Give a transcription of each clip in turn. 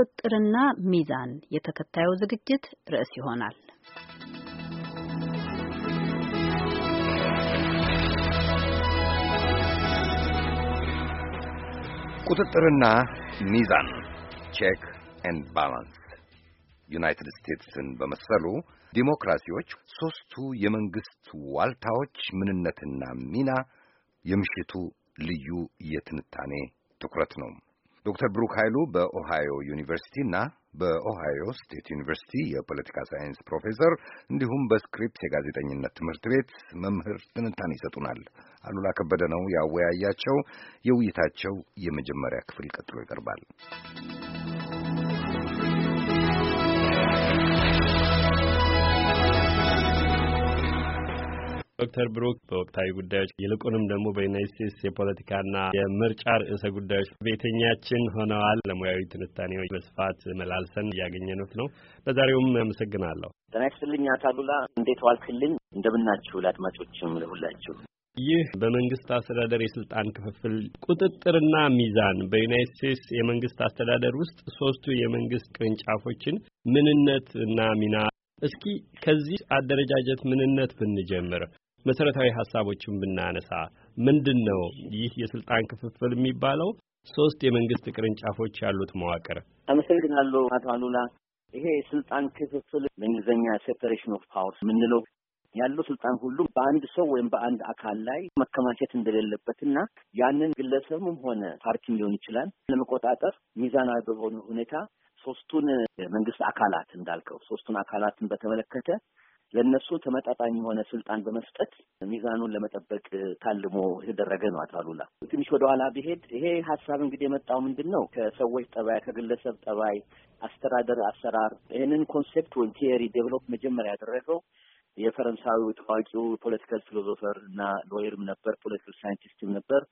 ቁጥጥርና ሚዛን የተከታዩ ዝግጅት ርዕስ ይሆናል። ቁጥጥርና ሚዛን ቼክ ኤንድ ባላንስ ዩናይትድ ስቴትስን በመሰሉ ዲሞክራሲዎች ሦስቱ የመንግሥት ዋልታዎች ምንነትና ሚና የምሽቱ ልዩ የትንታኔ ትኩረት ነው። ዶክተር ብሩክ ኃይሉ በኦሃዮ እና በኦሃዮ ስቴት ዩኒቨርሲቲ የፖለቲካ ሳይንስ ፕሮፌሰር እንዲሁም በስክሪፕስ የጋዜጠኝነት ትምህርት ቤት መምህር ትንታኔ ይሰጡናል። አሉላ ከበደ ነው ያወያያቸው። የውይይታቸው የመጀመሪያ ክፍል ቀጥሎ ይቀርባል። ዶክተር ብሩክ በወቅታዊ ጉዳዮች ይልቁንም ደግሞ በዩናይት ስቴትስ የፖለቲካና የምርጫ ርዕሰ ጉዳዮች ቤተኛችን ሆነዋል። ለሙያዊ ትንታኔዎች በስፋት መላልሰን እያገኘኑት ነው። ለዛሬውም አመሰግናለሁ። ጤና ይስጥልኝ አሉላ። እንዴት ዋልክልኝ? እንደምናችሁ ለአድማጮችም ለሁላችሁ። ይህ በመንግስት አስተዳደር የስልጣን ክፍፍል ቁጥጥርና ሚዛን በዩናይት ስቴትስ የመንግስት አስተዳደር ውስጥ ሶስቱ የመንግስት ቅርንጫፎችን ምንነት እና ሚና እስኪ ከዚህ አደረጃጀት ምንነት ብንጀምር መሰረታዊ ሀሳቦችን ብናነሳ ምንድን ነው ይህ የስልጣን ክፍፍል የሚባለው? ሶስት የመንግስት ቅርንጫፎች ያሉት መዋቅር። አመሰግናለሁ አቶ አሉላ። ይሄ የስልጣን ክፍፍል በእንግሊዝኛ ሴፐሬሽን ኦፍ ፓወርስ የምንለው ያለው ስልጣን ሁሉ በአንድ ሰው ወይም በአንድ አካል ላይ መከማቸት እንደሌለበትና ያንን ግለሰብም ሆነ ፓርቲም ሊሆን ይችላል ለመቆጣጠር ሚዛናዊ በሆነ ሁኔታ ሶስቱን የመንግስት አካላት እንዳልከው ሶስቱን አካላትን በተመለከተ ለእነሱ ተመጣጣኝ የሆነ ስልጣን በመስጠት ሚዛኑን ለመጠበቅ ታልሞ የተደረገ ነው። አታሉላ ትንሽ ወደ ወደኋላ ብሄድ ይሄ ሀሳብ እንግዲህ የመጣው ምንድን ነው? ከሰዎች ጠባይ፣ ከግለሰብ ጠባይ፣ አስተዳደር፣ አሰራር ይህንን ኮንሴፕት ወይም ቲየሪ ዴቨሎፕ መጀመሪያ ያደረገው የፈረንሳዊ ታዋቂው ፖለቲካል ፊሎዞፈር እና ሎየርም ነበር፣ ፖለቲካል ሳይንቲስትም ነበር።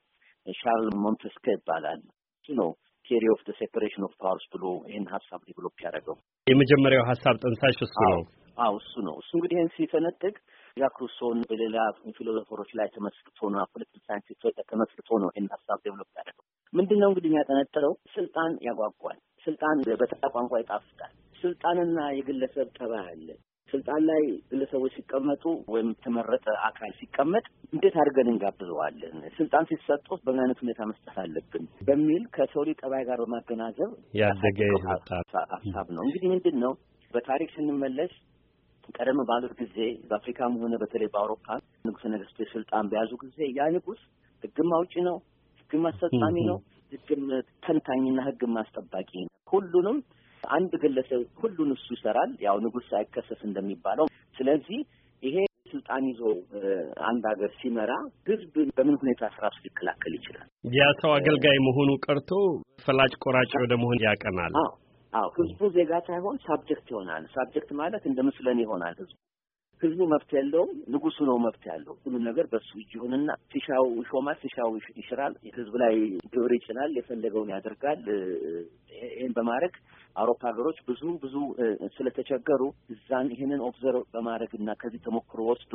ሻርል ሞንቴስኬ ይባላል። እሱ ነው ቴሪ ኦፍ ሴፐሬሽን ኦፍ ፓወርስ ብሎ ይህን ሀሳብ ዴቨሎፕ ያደረገው። የመጀመሪያው ሀሳብ ጠንሳሽ እሱ ነው። አዎ እሱ ነው። እሱ እንግዲህ ይህን ሲፈነጥቅ ዣክ ሩሶን በሌላ ፊሎሶፈሮች ላይ ተመስርቶ ነው፣ ፖለቲካል ሳይንቲስቶች ላይ ተመስርቶ ነው ይህን ሀሳብ ዴቨሎፕ ያደረገው። ምንድን ነው እንግዲህ የሚያጠነጥረው ስልጣን ያጓጓል፣ ስልጣን በተራ ቋንቋ ይጣፍጣል፣ ስልጣንና የግለሰብ ጠባ አለ። ስልጣን ላይ ግለሰቦች ሲቀመጡ ወይም የተመረጠ አካል ሲቀመጥ እንዴት አድርገን እንጋብዘዋለን? ስልጣን ሲሰጡ በምን አይነት ሁኔታ መስጠት አለብን? በሚል ከሰው ልጅ ጠባይ ጋር በማገናዘብ ያደገ ሀሳብ ነው። እንግዲህ ምንድን ነው በታሪክ ስንመለስ ቀደም ባሉት ጊዜ በአፍሪካም ሆነ በተለይ በአውሮፓ ንጉሠ ነገሥቱ የስልጣን በያዙ ጊዜ ያ ንጉሥ ሕግም አውጪ ነው፣ ሕግም አስፈጻሚ ነው፣ ሕግም ተንታኝና ሕግም አስጠባቂ ነው። ሁሉንም አንድ ግለሰብ ሁሉን እሱ ይሰራል፣ ያው ንጉስ ሳይከሰስ እንደሚባለው። ስለዚህ ይሄ ስልጣን ይዞ አንድ ሀገር ሲመራ ህዝብ በምን ሁኔታ ስራሱ ሊከላከል ይችላል? ያ ሰው አገልጋይ መሆኑ ቀርቶ ፈላጭ ቆራጭ ወደ መሆን ያቀናል። አዎ፣ ህዝቡ ዜጋ ሳይሆን ሳብጀክት ይሆናል። ሳብጀክት ማለት እንደ ምስለን ይሆናል ህዝቡ ህዝቡ መብት የለውም፣ ንጉሱ ነው መብት ያለው። ሁሉ ነገር በሱ እጅ ይሁንና ሲሻው ይሾማል፣ ሲሻው ይሽራል፣ ህዝብ ላይ ግብር ይጭናል፣ የፈለገውን ያደርጋል። ይህን በማድረግ አውሮፓ ሀገሮች ብዙ ብዙ ስለተቸገሩ እዛን ይህንን ኦብዘርቭ በማድረግ እና ከዚህ ተሞክሮ ወስዶ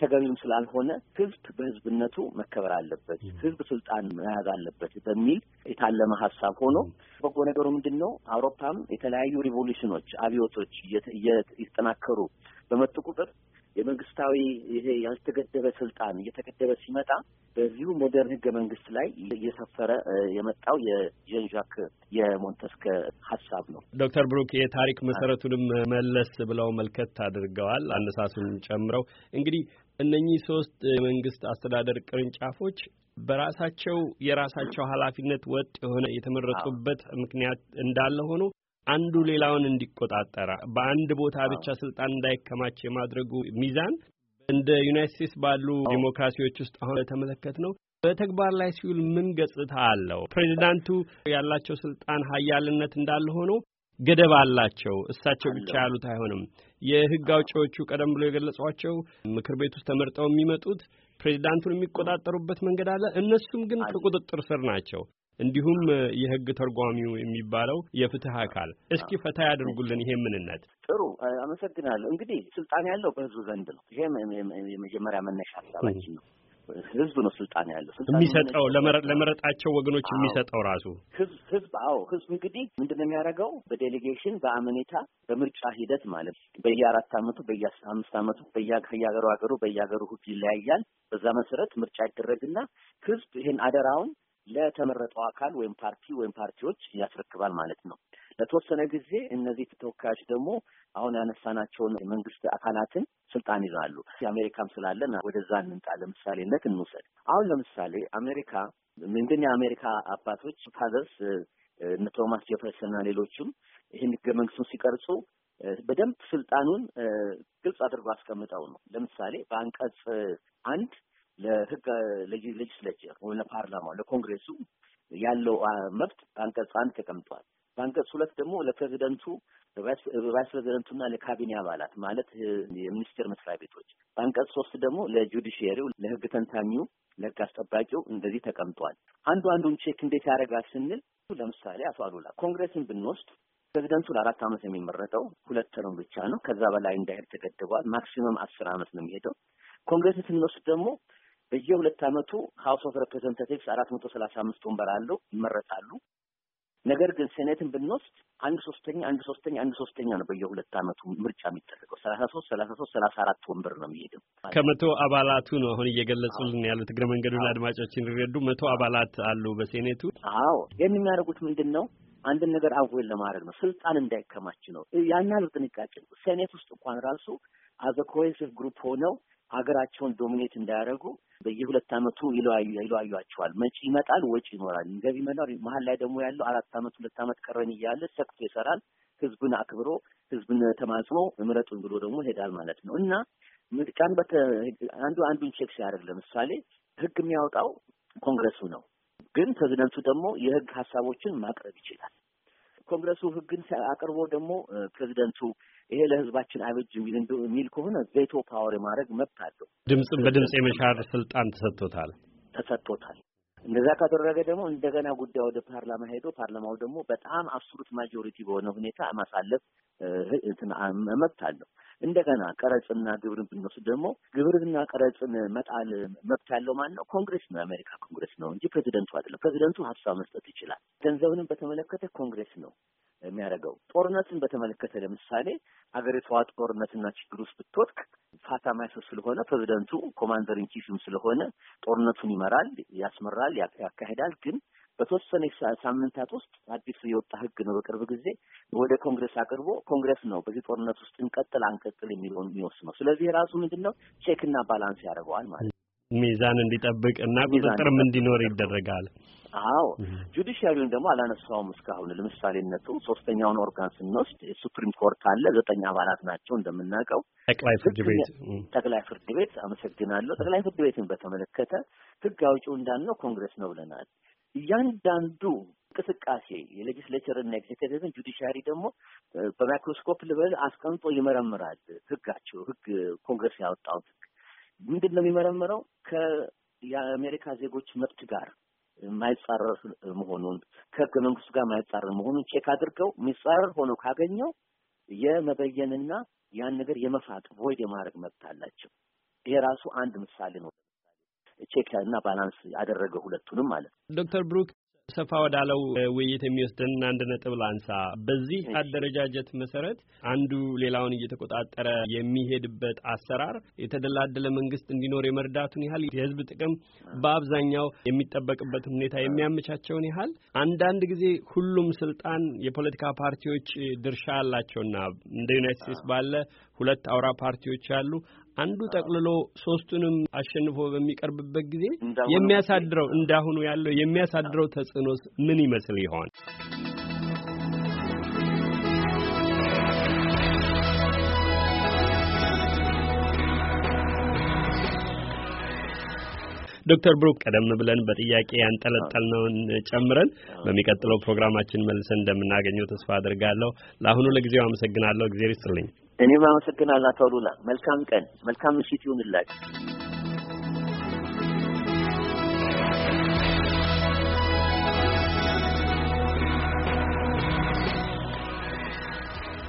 ተገቢም ስላልሆነ ህዝብ በህዝብነቱ መከበር አለበት፣ ህዝብ ስልጣን መያዝ አለበት በሚል የታለመ ሀሳብ ሆኖ በጎ ነገሩ ምንድን ነው? አውሮፓም የተለያዩ ሪቮሉሽኖች፣ አብዮቶች እየተጠናከሩ በመጡ ቁጥር የመንግስታዊ ይሄ ያልተገደበ ስልጣን እየተገደበ ሲመጣ በዚሁ ሞደርን ህገ መንግስት ላይ እየሰፈረ የመጣው የዣንዣክ የሞንተስከ ሀሳብ ነው። ዶክተር ብሩክ የታሪክ መሰረቱንም መለስ ብለው መልከት አድርገዋል፣ አነሳሱን ጨምረው እንግዲህ እነኚህ ሶስት የመንግስት አስተዳደር ቅርንጫፎች በራሳቸው የራሳቸው ኃላፊነት ወጥ የሆነ የተመረጡበት ምክንያት እንዳለ ሆኖ አንዱ ሌላውን እንዲቆጣጠር በአንድ ቦታ ብቻ ስልጣን እንዳይከማች የማድረጉ ሚዛን እንደ ዩናይት ስቴትስ ባሉ ዲሞክራሲዎች ውስጥ አሁን የተመለከት ነው። በተግባር ላይ ሲውል ምን ገጽታ አለው? ፕሬዚዳንቱ ያላቸው ስልጣን ሀያልነት እንዳለ ሆኖ ገደብ አላቸው። እሳቸው ብቻ ያሉት አይሆንም። የህግ አውጪዎቹ ቀደም ብሎ የገለጿቸው ምክር ቤት ውስጥ ተመርጠው የሚመጡት ፕሬዚዳንቱን የሚቆጣጠሩበት መንገድ አለ። እነሱም ግን ከቁጥጥር ስር ናቸው። እንዲሁም የህግ ተርጓሚው የሚባለው የፍትህ አካል እስኪ ፈታ ያደርጉልን ይሄ ምንነት። ጥሩ አመሰግናለሁ። እንግዲህ ስልጣን ያለው በህዝቡ ዘንድ ነው። ይሄ የመጀመሪያ መነሻ ሀሳባችን ነው። ህዝብ ነው ስልጣን ያለው የሚሰጠው ለመረጣቸው ወገኖች የሚሰጠው ራሱ ህዝብ ህዝብ አዎ ህዝብ እንግዲህ ምንድን ነው የሚያደርገው በዴሌጌሽን በአመኔታ በምርጫ ሂደት ማለት በየአራት አመቱ በየአምስት አመቱ በየሀገሩ ሀገሩ በየሀገሩ ህግ ይለያያል በዛ መሰረት ምርጫ ይደረግና ህዝብ ይህን አደራውን ለተመረጠው አካል ወይም ፓርቲ ወይም ፓርቲዎች ያስረክባል ማለት ነው። ለተወሰነ ጊዜ እነዚህ ተወካዮች ደግሞ አሁን ያነሳናቸውን የመንግስት አካላትን ስልጣን ይዛሉ። አሜሪካም ስላለን ወደዛ እንምጣ። ለምሳሌነት እንውሰድ። አሁን ለምሳሌ አሜሪካ ምንድን የአሜሪካ አባቶች ፋዘርስ እነ ቶማስ ጄፈርሰንና ሌሎችም ይህን ህገ መንግስቱን ሲቀርጹ በደንብ ስልጣኑን ግልጽ አድርጎ አስቀምጠው ነው። ለምሳሌ በአንቀጽ አንድ ለህግ ሌጅስሌቸር ወይም ለፓርላማው ለኮንግሬሱ ያለው መብት በአንቀጽ አንድ ተቀምጧል። በአንቀጽ ሁለት ደግሞ ለፕሬዚደንቱ ለቫይስ ፕሬዚደንቱና ለካቢኔ አባላት ማለት የሚኒስቴር መስሪያ ቤቶች፣ በአንቀጽ ሶስት ደግሞ ለጁዲሽየሪው ለህግ ተንታኙ ለህግ አስጠባቂው እንደዚህ ተቀምጧል። አንዱ አንዱን ቼክ እንዴት ያደርጋል ስንል ለምሳሌ አቶ አሉላ ኮንግሬስን ብንወስድ ፕሬዚደንቱ ለአራት ዓመት የሚመረጠው ሁለት ተርም ብቻ ነው። ከዛ በላይ እንዳይሄድ ተገድቧል። ማክሲመም አስር ዓመት ነው የሚሄደው። ኮንግሬስን ስንወስድ ደግሞ በየሁለት ዓመቱ ሀውስ ኦፍ ሬፕሬዘንታቲቭስ አራት መቶ ሰላሳ አምስት ወንበር አለው ይመረጣሉ። ነገር ግን ሴኔትን ብንወስድ አንድ ሶስተኛ አንድ ሶስተኛ አንድ ሶስተኛ ነው በየሁለት ዓመቱ ምርጫ የሚደረገው ሰላሳ ሶስት ሰላሳ ሶስት ሰላሳ አራት ወንበር ነው የሚሄድም ከመቶ አባላቱ ነው አሁን እየገለጹልን ያሉት እግረ መንገዱን አድማጮች እንዲረዱ መቶ አባላት አሉ በሴኔቱ። አዎ ይህን የሚያደርጉት ምንድን ነው አንድን ነገር አቮይድ ለማድረግ ነው፣ ስልጣን እንዳይከማች ነው። ያን ያህል ጥንቃቄ ሴኔት ውስጥ እንኳን ራሱ አዘ ኮሄሲቭ ግሩፕ ሆነው ሀገራቸውን ዶሚኔት እንዳያደርጉ በየሁለት አመቱ ይለዋዩቸዋል። መጪ ይመጣል፣ ወጪ ይኖራል፣ ገቢ መኖር መሀል ላይ ደግሞ ያለው አራት አመት ሁለት አመት ቀረን እያለ ሰክቶ ይሰራል። ህዝብን አክብሮ ህዝብን ተማጽኖ ምረጡን ብሎ ደግሞ ይሄዳል ማለት ነው እና ምርጫን አንዱ አንዱን ቼክ ሲያደርግ ለምሳሌ ህግ የሚያወጣው ኮንግረሱ ነው። ግን ፕሬዚደንቱ ደግሞ የህግ ሀሳቦችን ማቅረብ ይችላል። ኮንግረሱ ህግን አቅርቦ ደግሞ ፕሬዚደንቱ ይሄ ለህዝባችን አይበጅ የሚል ከሆነ ቬቶ ፓወር የማድረግ መብት አለው። ድምፅ በድምፅ የመሻር ስልጣን ተሰጥቶታል ተሰጥቶታል። እንደዛ ካደረገ ደግሞ እንደገና ጉዳይ ወደ ፓርላማ ሄዶ ፓርላማው ደግሞ በጣም አብሶሉት ማጆሪቲ በሆነ ሁኔታ ማሳለፍ መብት አለው። እንደገና ቀረጽና ግብርን ብንወስድ ደግሞ ግብርና ቀረጽን መጣል መብት ያለው ማን ነው? ኮንግሬስ ነው፣ የአሜሪካ ኮንግሬስ ነው እንጂ ፕሬዚደንቱ አይደለም። ፕሬዚደንቱ ሀሳብ መስጠት ይችላል። ገንዘብንም በተመለከተ ኮንግሬስ ነው የሚያደርገው። ጦርነትን በተመለከተ ለምሳሌ ሀገሪቷ ጦርነትና ችግር ውስጥ ብትወድቅ ፋታ ስለሆነ ፕሬዚደንቱ ኮማንደር ኢን ቺፍም ስለሆነ ጦርነቱን ይመራል፣ ያስመራል፣ ያካሄዳል ግን በተወሰነ ሳምንታት ውስጥ አዲሱ የወጣ ህግ ነው። በቅርብ ጊዜ ወደ ኮንግረስ አቅርቦ ኮንግረስ ነው በዚህ ጦርነት ውስጥ እንቀጥል አንቀጥል የሚለውን የሚወስነው። ስለዚህ ራሱ ምንድን ነው ቼክና ባላንስ ያደርገዋል ማለት ነው። ሚዛን እንዲጠብቅ እና ቁጥጥርም እንዲኖር ይደረጋል። አዎ ጁዲሻሪውን ደግሞ አላነሳውም እስካሁን። ለምሳሌነቱ ሶስተኛውን ኦርጋን ስንወስድ ሱፕሪም ኮርት አለ። ዘጠኝ አባላት ናቸው እንደምናውቀው። ጠቅላይ ፍርድ ቤት ጠቅላይ ፍርድ ቤት አመሰግናለሁ። ጠቅላይ ፍርድ ቤትን በተመለከተ ህግ አውጪው እንዳልነው ኮንግረስ ነው ብለናል። እያንዳንዱ እንቅስቃሴ የሌጅስሌቸር እና ኤግዜክቲቭን ጁዲሻሪ ደግሞ በማይክሮስኮፕ ልበል አስቀምጦ ይመረምራል። ህጋቸው ህግ ኮንግረስ ያወጣው ህግ ምንድን ነው የሚመረምረው? ከየአሜሪካ ዜጎች መብት ጋር የማይጻረር መሆኑን ከህገ መንግስቱ ጋር የማይጻረር መሆኑን ቼክ አድርገው የሚጻረር ሆኖ ካገኘው የመበየንና ያን ነገር የመፋቅ ቮይድ የማድረግ መብት አላቸው። ይሄ ራሱ አንድ ምሳሌ ነው። ቼክ እና ባላንስ ያደረገ ሁለቱንም ማለት ነው። ዶክተር ብሩክ ሰፋ ወዳለው ውይይት የሚወስደን አንድ ነጥብ ላንሳ። በዚህ አደረጃጀት መሰረት አንዱ ሌላውን እየተቆጣጠረ የሚሄድበት አሰራር የተደላደለ መንግስት እንዲኖር የመርዳቱን ያህል የህዝብ ጥቅም በአብዛኛው የሚጠበቅበትን ሁኔታ የሚያመቻቸውን ያህል አንዳንድ ጊዜ ሁሉም ስልጣን የፖለቲካ ፓርቲዎች ድርሻ አላቸውና እንደ ዩናይት ስቴትስ ባለ ሁለት አውራ ፓርቲዎች ያሉ አንዱ ጠቅልሎ ሶስቱንም አሸንፎ በሚቀርብበት ጊዜ የሚያሳድረው እንዳሁኑ ያለው የሚያሳድረው ተጽዕኖስ ምን ይመስል ይሆን? ዶክተር ብሩክ ቀደም ብለን በጥያቄ ያንጠለጠልነውን ጨምረን በሚቀጥለው ፕሮግራማችን መልሰን እንደምናገኘው ተስፋ አድርጋለሁ። ለአሁኑ ለጊዜው አመሰግናለሁ። እግዜር ይስጥልኝ። እኔም አመሰግናለሁ አቶ አሉላ። መልካም ቀን፣ መልካም ምሽት ይሁንላችሁ።